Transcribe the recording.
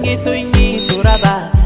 sun yi sun yi su